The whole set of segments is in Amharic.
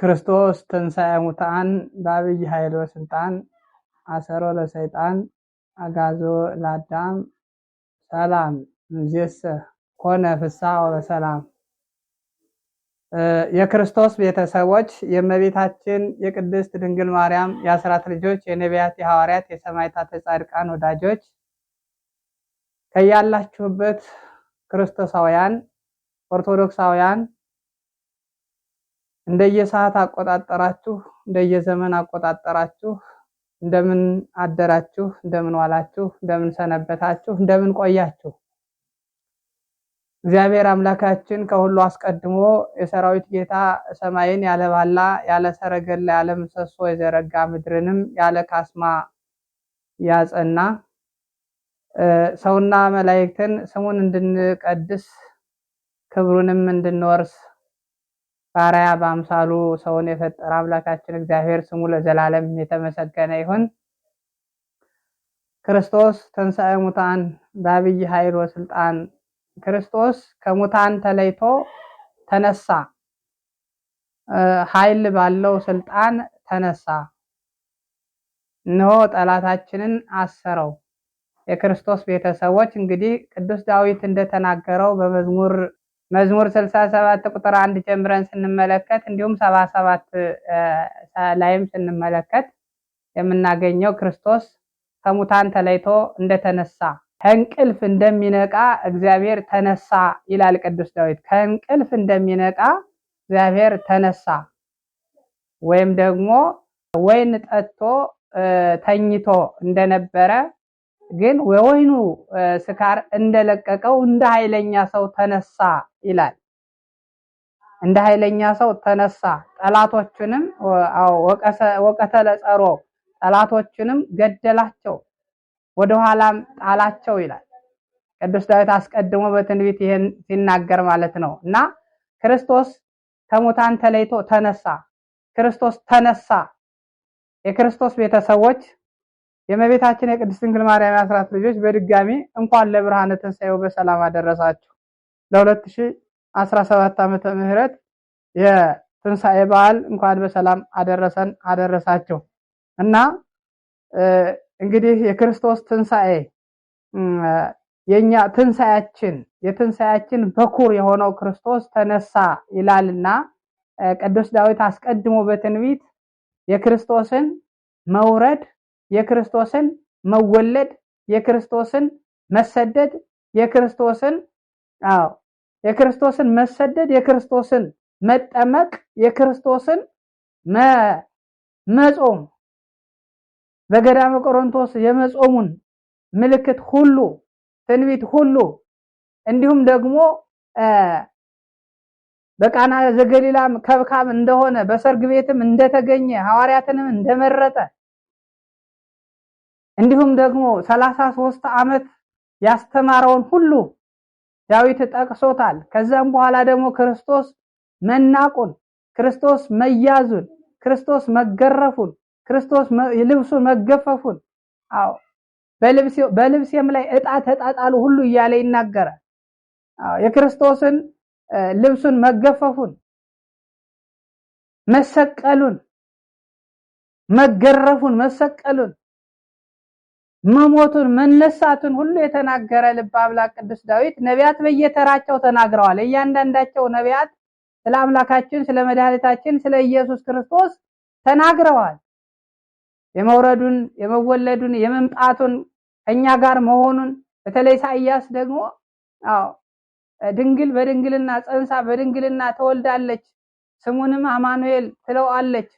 ክርስቶስ ተንሣኤ ሙታን በአብይ ኃይል ወስልጣን አሰሮ ለሰይጣን አጋዞ ለአዳም ሰላም እምይእዜሰ ኮነ ፍሳ ወበሰላም። የክርስቶስ ቤተሰቦች የእመቤታችን የቅድስት ድንግል ማርያም የአስራት ልጆች የነቢያት የሐዋርያት የሰማዕታት የጻድቃን ወዳጆች ከያላችሁበት ክርስቶሳውያን ኦርቶዶክሳውያን እንደየሰዓት አቆጣጠራችሁ እንደየዘመን አቆጣጠራችሁ እንደምን አደራችሁ፣ እንደምን ዋላችሁ፣ እንደምን ሰነበታችሁ፣ እንደምን ቆያችሁ። እግዚአብሔር አምላካችን ከሁሉ አስቀድሞ የሰራዊት ጌታ ሰማይን ያለ ባላ ያለ ሰረገላ ያለ ምሰሶ የዘረጋ ምድርንም ያለ ካስማ ያጸና ሰውና መላእክትን ስሙን እንድንቀድስ ክብሩንም እንድንወርስ ባሪያ በአምሳሉ ሰውን የፈጠረ አምላካችን እግዚአብሔር ስሙ ለዘላለም የተመሰገነ ይሁን። ክርስቶስ ተንሣኤ ሙታን በአብይ ኃይል ወስልጣን ክርስቶስ ከሙታን ተለይቶ ተነሳ። ኃይል ባለው ስልጣን ተነሳ። እነሆ ጠላታችንን አሰረው። የክርስቶስ ቤተሰቦች እንግዲህ ቅዱስ ዳዊት እንደተናገረው በመዝሙር መዝሙር 67 ቁጥር አንድ ጀምረን ስንመለከት እንዲሁም 77 ላይም ስንመለከት የምናገኘው ክርስቶስ ከሙታን ተለይቶ እንደተነሳ ከእንቅልፍ እንደሚነቃ እግዚአብሔር ተነሳ ይላል ቅዱስ ዳዊት። ከእንቅልፍ እንደሚነቃ እግዚአብሔር ተነሳ፣ ወይም ደግሞ ወይን ጠጥቶ ተኝቶ እንደነበረ ግን የወይኑ ስካር እንደለቀቀው እንደ ኃይለኛ ሰው ተነሳ ይላል። እንደ ኃይለኛ ሰው ተነሳ፣ ጠላቶቹንም አዎ ወቀተለ ጸሮ ጠላቶችንም ገደላቸው፣ ወደኋላም ጣላቸው ይላል ቅዱስ ዳዊት አስቀድሞ በትንቢት ይሄን ሲናገር ማለት ነው። እና ክርስቶስ ከሙታን ተለይቶ ተነሳ። ክርስቶስ ተነሳ። የክርስቶስ ቤተሰቦች የእመቤታችን የቅድስት ድንግል ማርያም የአስራት ልጆች በድጋሚ እንኳን ለብርሃነ ትንሣኤው በሰላም አደረሳችሁ። ለ2017 ዓመተ ምህረት የትንሳኤ በዓል እንኳን በሰላም አደረሰን አደረሳችሁ እና እንግዲህ የክርስቶስ ትንሣኤ የኛ ትንሣያችን የትንሣያችን በኩር የሆነው ክርስቶስ ተነሳ ይላልና ቅዱስ ዳዊት አስቀድሞ በትንቢት የክርስቶስን መውረድ የክርስቶስን መወለድ፣ የክርስቶስን መሰደድ፣ የክርስቶስን አዎ የክርስቶስን መሰደድ፣ የክርስቶስን መጠመቅ፣ የክርስቶስን መጾም በገዳመ ቆሮንቶስ የመጾሙን ምልክት ሁሉ ትንቢት ሁሉ እንዲሁም ደግሞ በቃና ዘገሊላም ከብካም እንደሆነ በሰርግ ቤትም እንደተገኘ ሐዋርያትንም እንደመረጠ እንዲሁም ደግሞ ሰላሳ ሶስት ዓመት ያስተማረውን ሁሉ ዳዊት ጠቅሶታል። ከዛም በኋላ ደግሞ ክርስቶስ መናቁን፣ ክርስቶስ መያዙን፣ ክርስቶስ መገረፉን፣ ክርስቶስ ልብሱን መገፈፉን፣ አዎ በልብሴም ላይ እጣ ተጣጣሉ ሁሉ እያለ ይናገራል። አዎ የክርስቶስን ልብሱን መገፈፉን፣ መሰቀሉን፣ መገረፉን፣ መሰቀሉን መሞቱን መነሳቱን ሁሉ የተናገረ ልበ አምላክ ቅዱስ ዳዊት ነቢያት በየተራቸው ተናግረዋል። እያንዳንዳቸው ነቢያት ስለ አምላካችን ስለ መድኃኒታችን ስለ ኢየሱስ ክርስቶስ ተናግረዋል። የመውረዱን፣ የመወለዱን፣ የመምጣቱን ከእኛ ጋር መሆኑን በተለይ ኢሳይያስ ደግሞ አዎ ድንግል በድንግልና ጸንሳ በድንግልና ተወልዳለች፣ ስሙንም አማኑኤል ትለዋለች።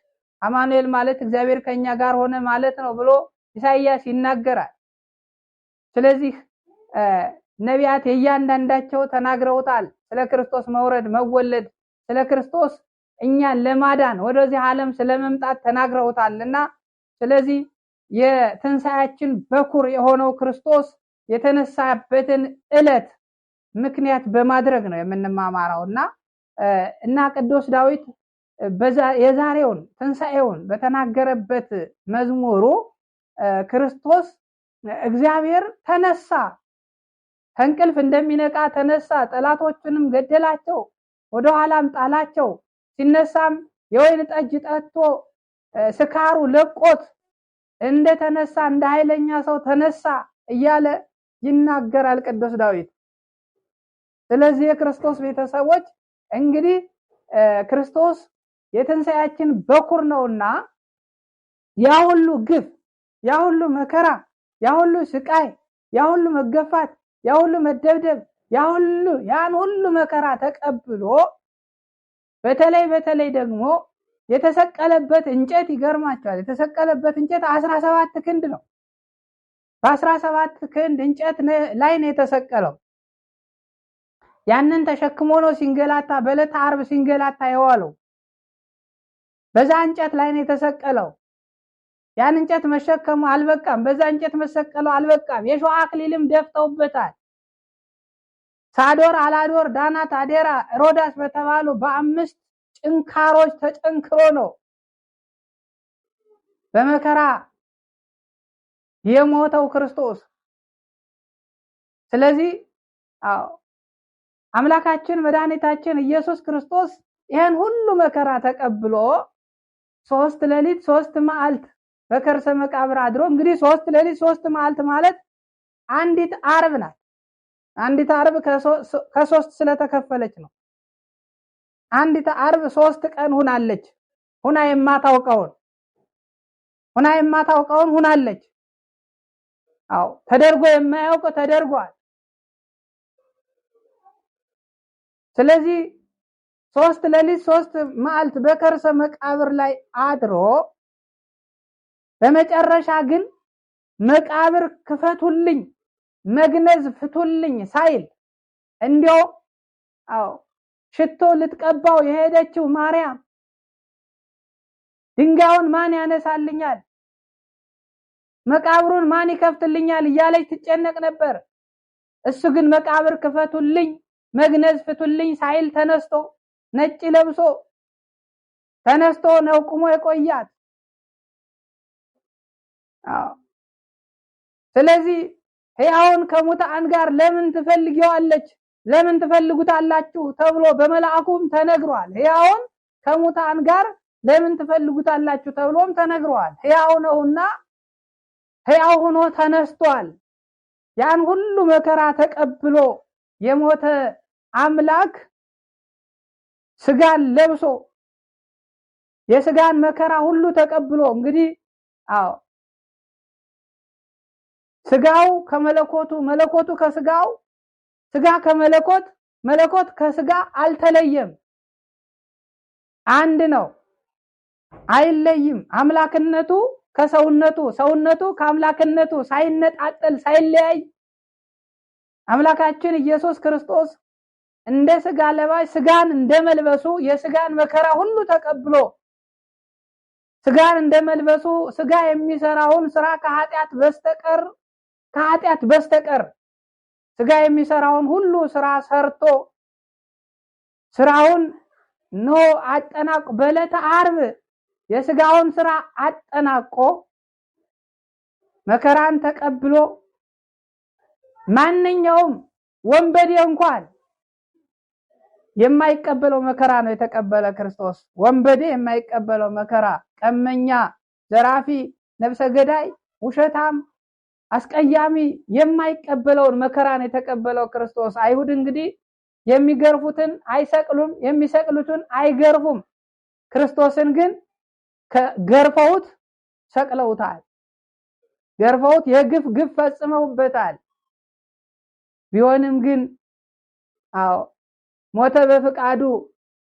አማኑኤል ማለት እግዚአብሔር ከኛ ጋር ሆነ ማለት ነው ብሎ ኢሳይያስ ይናገራል። ስለዚህ ነቢያት የእያንዳንዳቸው ተናግረውታል። ስለ ክርስቶስ መውረድ፣ መወለድ፣ ስለ ክርስቶስ እኛን ለማዳን ወደዚህ ዓለም ስለመምጣት ተናግረውታል እና ስለዚህ የትንሣያችን በኩር የሆነው ክርስቶስ የተነሳበትን ዕለት ምክንያት በማድረግ ነው የምንማማረው እና እና ቅዱስ ዳዊት የዛሬውን ትንሣኤውን በተናገረበት መዝሙሩ ክርስቶስ እግዚአብሔር ተነሳ፣ ከእንቅልፍ እንደሚነቃ ተነሳ፣ ጠላቶቹንም ገደላቸው፣ ወደኋላም ጣላቸው። ሲነሳም የወይን ጠጅ ጠጥቶ ስካሩ ለቆት እንደተነሳ እንደ ኃይለኛ ሰው ተነሳ እያለ ይናገራል ቅዱስ ዳዊት። ስለዚህ የክርስቶስ ቤተሰቦች እንግዲህ ክርስቶስ የትንሣኤያችን በኩር ነውና ያ ሁሉ ግፍ ያ ሁሉ መከራ፣ ያ ሁሉ ስቃይ፣ ያ ሁሉ መገፋት፣ ያ ሁሉ መደብደብ፣ ያ ሁሉ ያን ሁሉ መከራ ተቀብሎ በተለይ በተለይ ደግሞ የተሰቀለበት እንጨት ይገርማቸዋል። የተሰቀለበት እንጨት አስራ ሰባት ክንድ ነው። በአስራ ሰባት ክንድ እንጨት ላይ ነው የተሰቀለው። ያንን ተሸክሞ ነው ሲንገላታ፣ በዕለተ ዓርብ ሲንገላታ የዋለው በዛ እንጨት ላይ ነው የተሰቀለው። ያን እንጨት መሸከሙ አልበቃም፣ በዛ እንጨት መሰቀለው አልበቃም። የሸዋ አክሊልም ደፍተውበታል። ሳዶር፣ አላዶር፣ ዳናት፣ አዴራ፣ ሮዳስ በተባሉ በአምስት ጭንካሮች ተጨንክሮ ነው በመከራ የሞተው ክርስቶስ። ስለዚህ አዎ አምላካችን መድኃኒታችን ኢየሱስ ክርስቶስ ይህን ሁሉ መከራ ተቀብሎ ሶስት ሌሊት ሶስት መዓልት በከርሰ መቃብር አድሮ እንግዲህ ሶስት ሌሊት ሶስት መዓልት ማለት አንዲት አርብ ናት። አንዲት አርብ ከሶስት ስለተከፈለች ነው። አንዲት አርብ ሶስት ቀን ሁናለች። ሁና የማታውቀውን ሁና የማታውቀውን ሁናለች። አዎ ተደርጎ የማያውቅ ተደርጓል። ስለዚህ ሶስት ሌሊት ሶስት መዓልት በከርሰ መቃብር ላይ አድሮ በመጨረሻ ግን መቃብር ክፈቱልኝ፣ መግነዝ ፍቱልኝ ሳይል እንዲያው አዎ ሽቶ ልትቀባው የሄደችው ማርያም ድንጋዩን ማን ያነሳልኛል፣ መቃብሩን ማን ይከፍትልኛል እያለች ትጨነቅ ነበር። እሱ ግን መቃብር ክፈቱልኝ፣ መግነዝ ፍቱልኝ ሳይል ተነስቶ ነጭ ለብሶ ተነስቶ ነው ቁሞ የቆያት። ስለዚህ ሕያውን ከሙታን ጋር ለምን ትፈልጊዋለች ለምን ትፈልጉታላችሁ ተብሎ በመልአኩም ተነግሯል። ሕያውን ከሙታን ጋር ለምን ትፈልጉታላችሁ ተብሎም ተነግሯል። ሕያው ነውና ሕያው ሆኖ ተነስቷል። ያን ሁሉ መከራ ተቀብሎ የሞተ አምላክ ስጋን ለብሶ የስጋን መከራ ሁሉ ተቀብሎ እንግዲህ አዎ ስጋው ከመለኮቱ መለኮቱ ከስጋው ስጋ ከመለኮት መለኮት ከስጋ አልተለየም፣ አንድ ነው፣ አይለይም። አምላክነቱ ከሰውነቱ ሰውነቱ ከአምላክነቱ ሳይነጣጠል ሳይለያይ አምላካችን ኢየሱስ ክርስቶስ እንደ ስጋ ለባሽ ስጋን እንደመልበሱ የስጋን መከራ ሁሉ ተቀብሎ ስጋን እንደመልበሱ ስጋ የሚሰራውን ስራ ከኃጢአት በስተቀር ከኃጢአት በስተቀር ስጋ የሚሰራውን ሁሉ ስራ ሰርቶ ስራውን ኖ አጠናቆ በዕለተ ዓርብ የስጋውን ስራ አጠናቆ መከራን ተቀብሎ ማንኛውም ወንበዴ እንኳን የማይቀበለው መከራ ነው የተቀበለ ክርስቶስ። ወንበዴ የማይቀበለው መከራ፣ ቀመኛ፣ ዘራፊ፣ ነፍሰ ገዳይ፣ ውሸታም አስቀያሚ የማይቀበለውን መከራን የተቀበለው ክርስቶስ። አይሁድ እንግዲህ የሚገርፉትን አይሰቅሉም፣ የሚሰቅሉትን አይገርፉም። ክርስቶስን ግን ገርፈውት ሰቅለውታል። ገርፈውት የግፍ ግፍ ፈጽመውበታል። ቢሆንም ግን አዎ ሞተ በፍቃዱ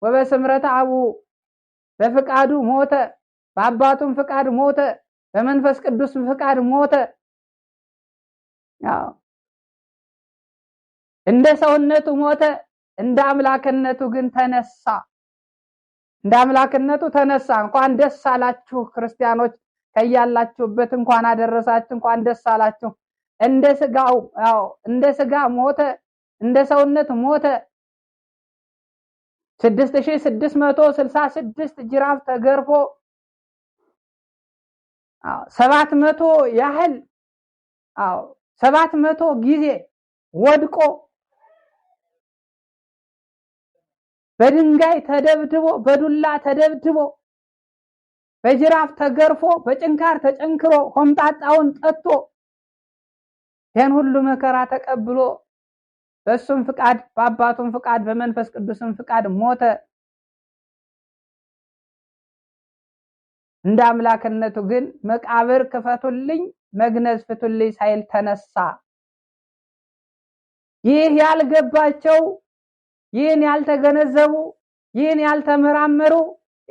ወበስምረተ አቡ በፍቃዱ ሞተ፣ በአባቱም ፍቃድ ሞተ፣ በመንፈስ ቅዱስም ፍቃድ ሞተ። እንደ ሰውነቱ ሞተ፣ እንደ አምላክነቱ ግን ተነሳ። እንደ አምላክነቱ ተነሳ። እንኳን ደስ አላችሁ ክርስቲያኖች፣ ከያላችሁበት እንኳን አደረሳችሁ፣ እንኳን ደስ አላችሁ። እንደ ስጋው ያው እንደ ስጋ ሞተ፣ እንደ ሰውነት ሞተ። 6666 ጅራፍ ተገርፎ ሰባት መቶ ያህል አዎ ሰባት መቶ ጊዜ ወድቆ በድንጋይ ተደብድቦ በዱላ ተደብድቦ በጅራፍ ተገርፎ በጭንካር ተጨንክሮ ሆምጣጣውን ጠጥቶ ይህን ሁሉ መከራ ተቀብሎ በእሱም ፍቃድ በአባቱም ፍቃድ በመንፈስ ቅዱስም ፍቃድ ሞተ። እንደ አምላክነቱ ግን መቃብር ክፈቱልኝ መግነዝ ፍቱልኝ ሳይል ተነሳ። ይህ ያልገባቸው ይህን ያልተገነዘቡ ይህን ያልተመራመሩ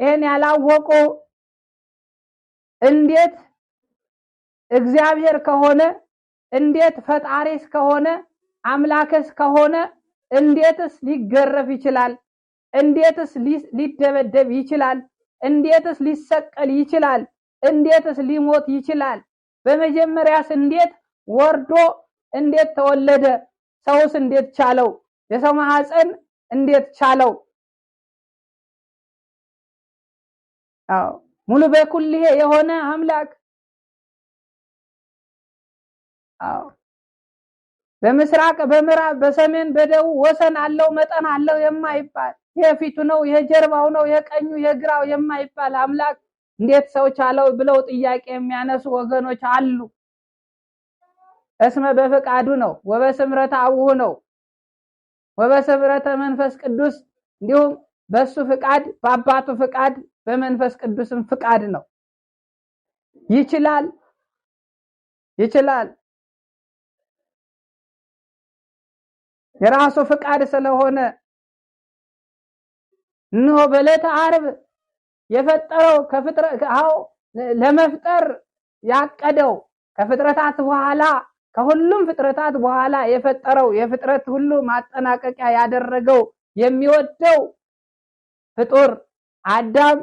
ይህን ያላወቁ እንዴት እግዚአብሔር ከሆነ እንዴት ፈጣሪስ ከሆነ አምላክስ ከሆነ እንዴትስ ሊገረፍ ይችላል? እንዴትስ ሊደበደብ ይችላል? እንዴትስ ሊሰቀል ይችላል? እንዴትስ ሊሞት ይችላል? በመጀመሪያስ እንዴት ወርዶ እንዴት ተወለደ? ሰውስ እንዴት ቻለው? የሰው ማህፀን እንዴት ቻለው? አዎ ሙሉ ይሄ የሆነ አምላክ አዎ በምስራቅ በምዕራብ በሰሜን በደቡብ ወሰን አለው መጠን አለው የማይባል የፊቱ ነው የጀርባው ነው የቀኙ የግራው የማይባል አምላክ እንዴት ሰው ቻለው ብለው ጥያቄ የሚያነሱ ወገኖች አሉ። እስመ በፈቃዱ ነው፣ ወበስምረተ አቡሁ ነው፣ ወበስምረተ መንፈስ ቅዱስ እንዲሁም በሱ ፍቃድ፣ በአባቱ ፍቃድ፣ በመንፈስ ቅዱስም ፍቃድ ነው። ይችላል ይችላል። የራሱ ፍቃድ ስለሆነ እንሆ በዕለተ ዓርብ የፈጠረው ለመፍጠር ያቀደው ከፍጥረታት በኋላ ከሁሉም ፍጥረታት በኋላ የፈጠረው የፍጥረት ሁሉ ማጠናቀቂያ ያደረገው የሚወደው ፍጡር አዳም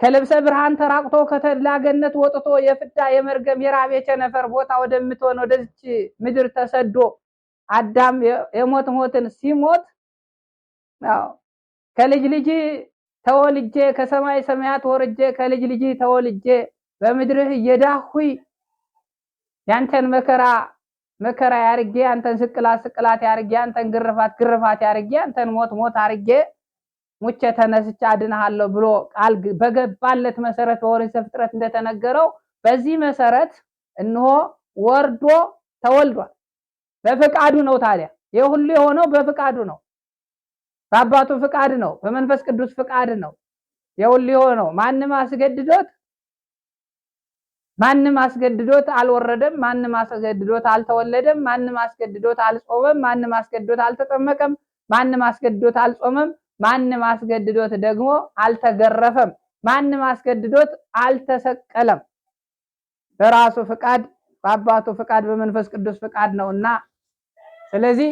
ከልብሰ ብርሃን ተራቅቶ ከተላገነት ወጥቶ የፍዳ የመርገም የራብ የቸነፈር ቦታ ወደምትሆን ወደዚች ምድር ተሰዶ አዳም የሞት ሞትን ሲሞት ከልጅ ልጅ ተወልጄ ከሰማይ ሰማያት ወርጄ ከልጅ ልጅ ተወልጄ በምድርህ የዳሁይ ያንተን መከራ መከራ ያርጌ አንተን ስቅላት ስቅላት ያርጌ አንተን ግርፋት ግርፋት ያርጌ አንተን ሞት ሞት አርጌ ሙቼ ተነስቼ አድንሃለሁ ብሎ ቃል በገባለት መሰረት በኦሪት ዘፍጥረት እንደተነገረው በዚህ መሰረት እንሆ ወርዶ ተወልዷል። በፈቃዱ ነው። ታዲያ ይህ ሁሉ የሆነው በፈቃዱ ነው። በአባቱ ፍቃድ ነው፣ በመንፈስ ቅዱስ ፍቃድ ነው። የውል ሊሆነው ማንም አስገድዶት ማንም አስገድዶት አልወረደም። ማንም አስገድዶት አልተወለደም። ማንም አስገድዶት አልጾመም። ማንም አስገድዶት አልተጠመቀም። ማንም አስገድዶት አልጾመም። ማንም አስገድዶት ደግሞ አልተገረፈም። ማንም አስገድዶት አልተሰቀለም። በራሱ ፍቃድ፣ በአባቱ ፍቃድ፣ በመንፈስ ቅዱስ ፍቃድ ነውና ስለዚህ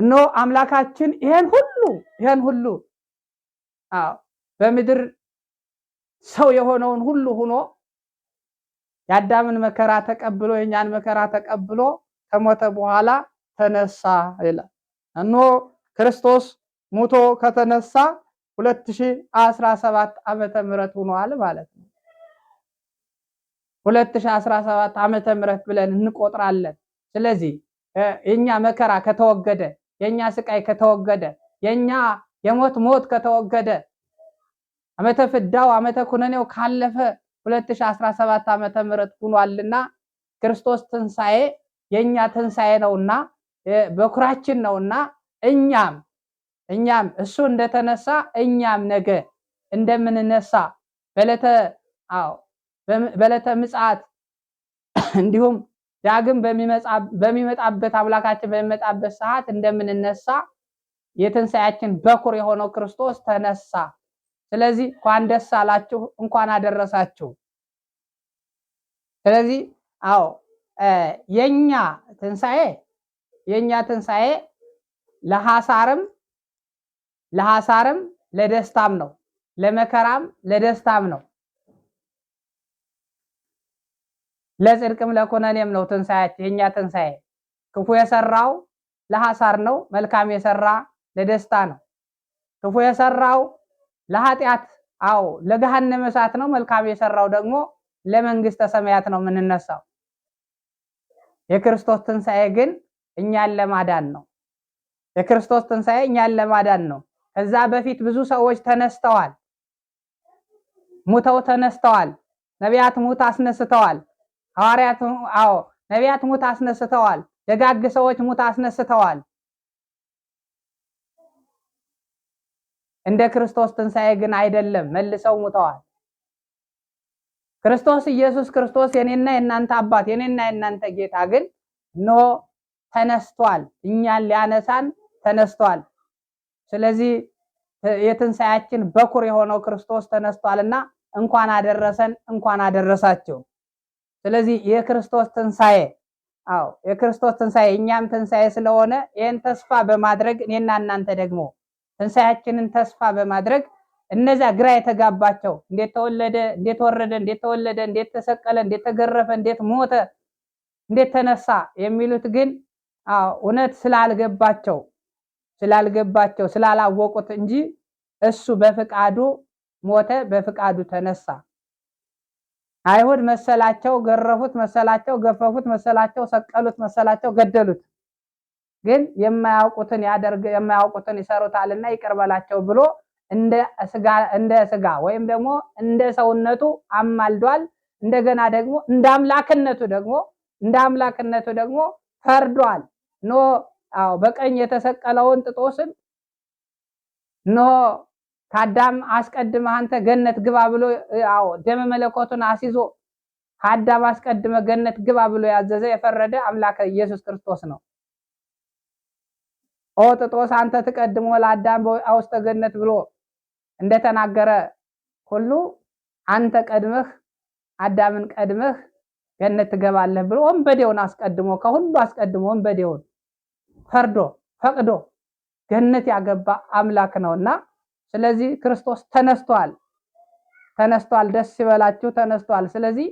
እነሆ አምላካችን ይሄን ሁሉ ይሄን ሁሉ በምድር ሰው የሆነውን ሁሉ ሆኖ የአዳምን መከራ ተቀብሎ የእኛን መከራ ተቀብሎ ከሞተ በኋላ ተነሳ ይላል። እነሆ ክርስቶስ ሙቶ ከተነሳ 2017 ዓመተ ምህረት ሆኗል ማለት ነው። 2017 ዓመተ ምህረት ብለን እንቆጥራለን። ስለዚህ የኛ መከራ ከተወገደ የኛ ስቃይ ከተወገደ፣ የኛ የሞት ሞት ከተወገደ፣ ዓመተ ፍዳው ዓመተ ኩነኔው ካለፈ 2017 ዓመተ ምህረት ሆኗልና ክርስቶስ ትንሣኤ የኛ ትንሣኤ ነውና በኩራችን ነውና እኛም እኛም እሱ እንደተነሳ እኛም ነገ እንደምንነሳ በለተ አዎ በለተ ምጽአት እንዲሁም ዳግም በሚመጣበት አምላካችን በሚመጣበት ሰዓት እንደምንነሳ የትንሣኤያችን በኩር የሆነው ክርስቶስ ተነሳ። ስለዚህ እንኳን ደስ አላችሁ፣ እንኳን አደረሳችሁ። ስለዚህ አዎ የኛ ትንሣኤ የኛ ትንሣኤ ለሐሳርም ለሐሳርም ለደስታም ነው፣ ለመከራም ለደስታም ነው። ለጽድቅም ለኩነኔም ነው ትንሣኤያችን የእኛ ትንሣኤ። ክፉ የሰራው ለሐሳር ነው፣ መልካም የሰራ ለደስታ ነው። ክፉ የሰራው ለኃጢአት አዎ ለገሃነመ እሳት ነው። መልካም የሰራው ደግሞ ለመንግስተ ሰማያት ነው የምንነሳው። የክርስቶስ ትንሣኤ ግን እኛን ለማዳን ነው። የክርስቶስ ትንሣኤ እኛን ለማዳን ነው። ከዛ በፊት ብዙ ሰዎች ተነስተዋል፣ ሙተው ተነስተዋል። ነቢያት ሙት አስነስተዋል። ሐዋርያት አዎ ነቢያት ሙት አስነስተዋል። ደጋግ ሰዎች ሙት አስነስተዋል። እንደ ክርስቶስ ትንሣኤ ግን አይደለም፣ መልሰው ሙተዋል። ክርስቶስ ኢየሱስ ክርስቶስ የኔና የእናንተ አባት የኔና የእናንተ ጌታ ግን ኖ ተነስቷል፣ እኛን ሊያነሳን ተነስቷል። ስለዚህ የትንሣኤያችን በኩር የሆነው ክርስቶስ ተነስቷልና እንኳን አደረሰን፣ እንኳን አደረሳቸው። ስለዚህ የክርስቶስ ትንሣኤ አዎ የክርስቶስ ትንሣኤ እኛም ትንሣኤ ስለሆነ ይህን ተስፋ በማድረግ እኔና እናንተ ደግሞ ትንሣኤያችንን ተስፋ በማድረግ እነዚያ ግራ የተጋባቸው እንዴት ተወለደ፣ እንዴት ወረደ፣ እንዴት ተወለደ፣ እንዴት ተሰቀለ፣ እንዴት ተገረፈ፣ እንዴት ሞተ፣ እንዴት ተነሳ የሚሉት ግን እውነት ስላልገባቸው ስላልገባቸው ስላላወቁት እንጂ እሱ በፍቃዱ ሞተ፣ በፍቃዱ ተነሳ። አይሁድ መሰላቸው፣ ገረፉት መሰላቸው፣ ገፈፉት መሰላቸው፣ ሰቀሉት መሰላቸው፣ ገደሉት። ግን የማያውቁትን ያደርግ የማያውቁትን ይሰሩታልና ይቅርበላቸው ብሎ እንደ ስጋ ወይም ደግሞ እንደ ሰውነቱ አማልዷል። እንደገና ደግሞ እንደ አምላክነቱ ደግሞ እንደ አምላክነቱ ደግሞ ፈርዷል። ኖ አዎ በቀኝ የተሰቀለውን ጥጦስን ኖ ከአዳም አስቀድመህ አንተ ገነት ግባ ብሎ አዎ ደመ መለኮቱን አስይዞ ከአዳም አስቀድመ ገነት ግባ ብሎ ያዘዘ የፈረደ አምላከ ኢየሱስ ክርስቶስ ነው። ኦ ጥጦስ አንተ ትቀድሞ ለአዳም አውስተ ገነት ብሎ እንደተናገረ ሁሉ አንተ ቀድመህ አዳምን ቀድመህ ገነት ትገባለህ ብሎ ወንበዴውን አስቀድሞ ከሁሉ አስቀድሞ ወንበዴውን ፈርዶ ፈቅዶ ገነት ያገባ አምላክ ነውና ስለዚህ ክርስቶስ ተነስቷል፣ ተነስቷል። ደስ ይበላችሁ፣ ተነስቷል። ስለዚህ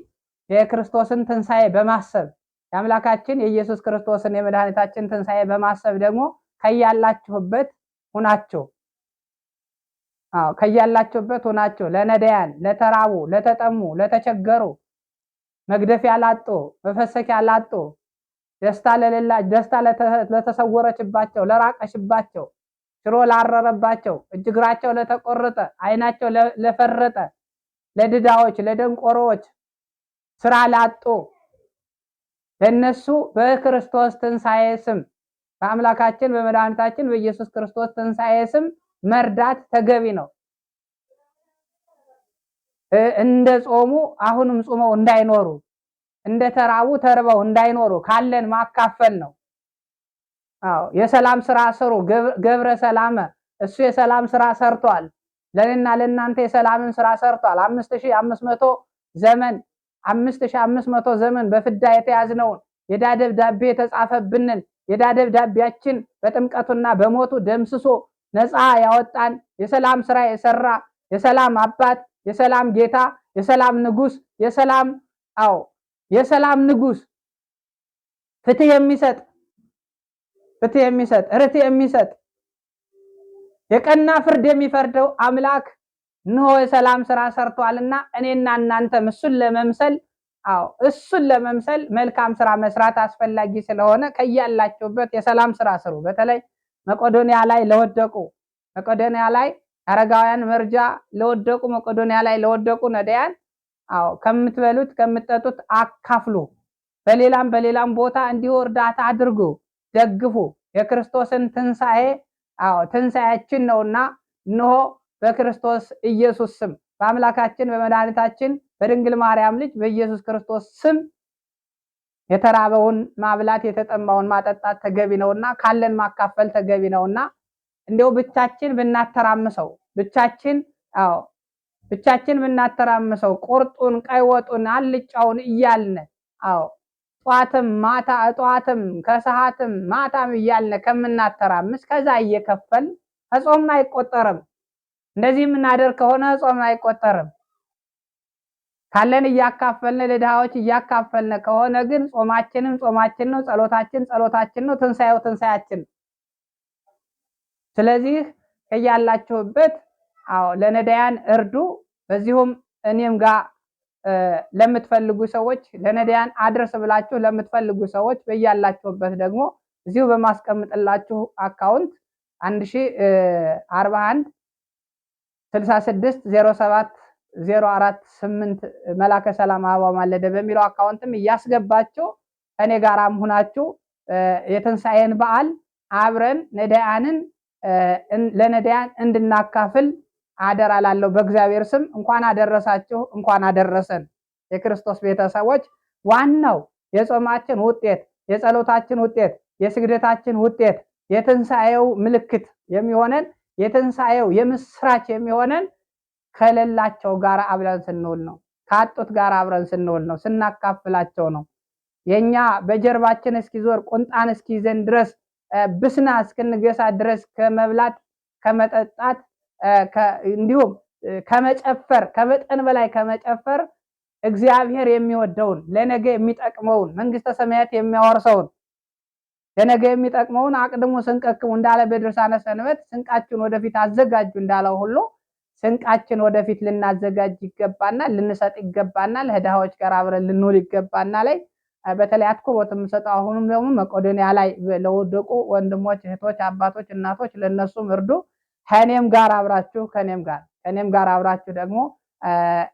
የክርስቶስን ትንሣኤ በማሰብ የአምላካችን የኢየሱስ ክርስቶስን የመድኃኒታችን ትንሣኤ በማሰብ ደግሞ ከያላችሁበት ሁናችሁ አዎ ከያላችሁበት ሆናችሁ ለነዳያን፣ ለተራቡ፣ ለተጠሙ፣ ለተቸገሩ፣ መግደፊያ ላጡ፣ መፈሰኪያ ላጡ፣ ደስታ ለሌላ ደስታ ለተሰወረችባቸው፣ ለራቀሽባቸው ሽሮ ላረረባቸው፣ እጅ እግራቸው ለተቆረጠ፣ አይናቸው ለፈረጠ፣ ለድዳዎች፣ ለደንቆሮዎች፣ ስራ ላጡ ለነሱ በክርስቶስ ትንሣኤ ስም በአምላካችን በመድኃኒታችን በኢየሱስ ክርስቶስ ትንሣኤ ስም መርዳት ተገቢ ነው። እንደ ጾሙ አሁንም ጾመው እንዳይኖሩ፣ እንደ ተራቡ ተርበው እንዳይኖሩ ካለን ማካፈል ነው። አዎ የሰላም ስራ ስሩ። ገብረ ሰላመ እሱ የሰላም ስራ ሰርቷል። ለእኔና ለእናንተ የሰላምን ስራ ሰርቷል። 5500 ዘመን 5500 ዘመን በፍዳ የተያዝነውን የዕዳ ደብዳቤ የተጻፈብንን የዕዳ ደብዳቤያችን በጥምቀቱና በሞቱ ደምስሶ ነፃ ያወጣን የሰላም ስራ የሰራ የሰላም አባት፣ የሰላም ጌታ፣ የሰላም ንጉስ፣ የሰላም አዎ የሰላም ንጉስ ፍትህ የሚሰጥ ፍትህ የሚሰጥ ርትዕ የሚሰጥ የቀና ፍርድ የሚፈርደው አምላክ እንሆ የሰላም ስራ ሰርቷልና እኔና እናንተም እሱን ለመምሰል አዎ እሱን ለመምሰል መልካም ስራ መስራት አስፈላጊ ስለሆነ ከያላችሁበት የሰላም ስራ ስሩ። በተለይ መቄዶንያ ላይ ለወደቁ መቄዶንያ ላይ አረጋውያን መርጃ ለወደቁ መቄዶንያ ላይ ለወደቁ ነዳያን አዎ ከምትበሉት ከምትጠጡት አካፍሉ። በሌላም በሌላም ቦታ እንዲሁ እርዳታ አድርጉ። ደግፉ የክርስቶስን ትንሣኤ አዎ ትንሣኤያችን ነውና እንሆ በክርስቶስ ኢየሱስ ስም በአምላካችን በመድኃኒታችን በድንግል ማርያም ልጅ በኢየሱስ ክርስቶስ ስም የተራበውን ማብላት የተጠማውን ማጠጣት ተገቢ ነውና ካለን ማካፈል ተገቢ ነውና እንዲሁ ብቻችን ብናተራምሰው ብቻችን አዎ ብቻችን ብናተራምሰው ቁርጡን ቀይ ወጡን አልጫውን እያልን አዎ ጧትም ማታ እጧትም ከሰዓትም ማታም እያልን ከምናተራምስ ከዛ እየከፈል ጾም አይቆጠርም። እንደዚህ የምናደርግ ከሆነ ጾም አይቆጠርም። ካለን እያካፈልን ለድሃዎች እያካፈልን ከሆነ ግን ጾማችንም ጾማችን ነው፣ ጸሎታችን ጸሎታችን ነው፣ ትንሳኤው ትንሳያችን ስለዚህ ከያላችሁበት አዎ ለነዳያን እርዱ። በዚሁም እኔም ጋር ለምትፈልጉ ሰዎች ለነዳያን አድርስ ብላችሁ ለምትፈልጉ ሰዎች በያላችሁበት ደግሞ እዚሁ በማስቀምጥላችሁ አካውንት 1041 66 07 04 8 መላከ ሰላም አበባ ማለደ በሚለው አካውንትም እያስገባችሁ እኔ ጋራም ሁናችሁ የትንሣኤን በዓል አብረን ነዳያንን ለነዳያን እንድናካፍል አደራ ላለው በእግዚአብሔር ስም እንኳን አደረሳችሁ፣ እንኳን አደረሰን። የክርስቶስ ቤተሰቦች ዋናው የጾማችን ውጤት፣ የጸሎታችን ውጤት፣ የስግደታችን ውጤት፣ የትንሣኤው ምልክት የሚሆነን የትንሣኤው የምስራች የሚሆነን ከሌላቸው ጋር አብረን ስንውል ነው። ካጡት ጋር አብረን ስንውል ነው። ስናካፍላቸው ነው። የኛ በጀርባችን እስኪዞር ቁንጣን እስኪይዘን ድረስ ብስና እስክንገሳ ድረስ ከመብላት ከመጠጣት እንዲሁም ከመጨፈር ከመጠን በላይ ከመጨፈር እግዚአብሔር የሚወደውን ለነገ የሚጠቅመውን መንግስተ ሰማያት የሚያወርሰውን ለነገ የሚጠቅመውን አቅድሙ ስንቅክሙ እንዳለ በድርሳነ ሰንበት ስንቃችን ወደፊት አዘጋጁ እንዳለው ሁሉ ስንቃችን ወደፊት ልናዘጋጅ ይገባና ልንሰጥ ይገባና ለህዳዎች ጋር አብረን ልንውል ይገባና ላይ በተለይ አትኩሮት የምሰጠው አሁንም ደግሞ መቄዶንያ ላይ ለወደቁ ወንድሞች፣ እህቶች፣ አባቶች፣ እናቶች ለእነሱም እርዱ። ከእኔም ጋር አብራችሁ ከእኔም ጋር ከእኔም ጋር አብራችሁ ደግሞ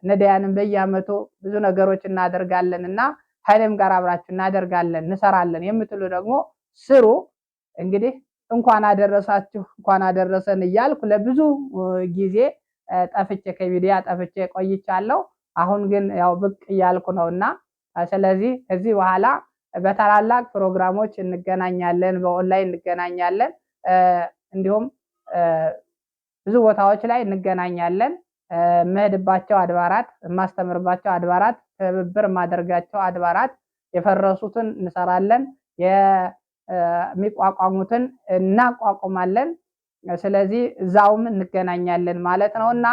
ነዳያንን በየአመቱ ብዙ ነገሮች እናደርጋለን እና ከእኔም ጋር አብራችሁ እናደርጋለን እንሰራለን የምትሉ ደግሞ ስሩ። እንግዲህ እንኳን አደረሳችሁ እንኳን አደረሰን እያልኩ ለብዙ ጊዜ ጠፍቼ ከሚዲያ ጠፍቼ ቆይቻለሁ። አሁን ግን ያው ብቅ እያልኩ ነው እና ስለዚህ ከዚህ በኋላ በታላላቅ ፕሮግራሞች እንገናኛለን፣ በኦንላይን እንገናኛለን እንዲሁም ብዙ ቦታዎች ላይ እንገናኛለን። የምሄድባቸው አድባራት፣ የማስተምርባቸው አድባራት፣ ትብብር የማደርጋቸው አድባራት የፈረሱትን እንሰራለን፣ የሚቋቋሙትን እናቋቁማለን። ስለዚህ እዛውም እንገናኛለን ማለት ነው እና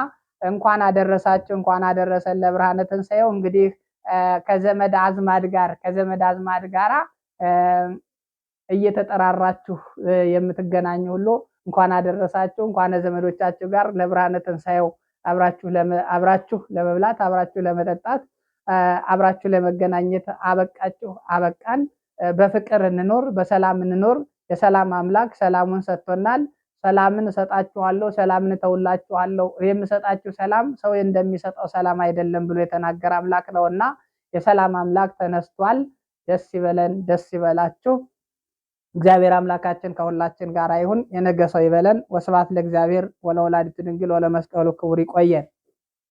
እንኳን አደረሳችሁ እንኳን አደረሰን ለብርሃነ ትንሣኤው። እንግዲህ ከዘመድ አዝማድ ጋር ከዘመድ አዝማድ ጋራ እየተጠራራችሁ የምትገናኙ ሁሉ እንኳን አደረሳችሁ፣ እንኳን ዘመዶቻችሁ ጋር ለብርሃነ ትንሣኤው አብራችሁ ለመብላት፣ አብራችሁ ለመጠጣት፣ አብራችሁ ለመገናኘት አበቃችሁ፣ አበቃን። በፍቅር እንኖር፣ በሰላም እንኖር። የሰላም አምላክ ሰላሙን ሰጥቶናል። ሰላምን እሰጣችኋለሁ፣ ሰላምን እተውላችኋለሁ፣ የምሰጣችሁ ሰላም ሰው እንደሚሰጠው ሰላም አይደለም ብሎ የተናገረ አምላክ ነውና የሰላም አምላክ ተነስቷል። ደስ ይበለን፣ ደስ ይበላችሁ። እግዚአብሔር አምላካችን ከሁላችን ጋር ይሁን። የነገ ሰው ይበለን። ወስብሐት ለእግዚአብሔር ወለወላዲቱ ድንግል ወለመስቀሉ ክቡር። ይቆየን።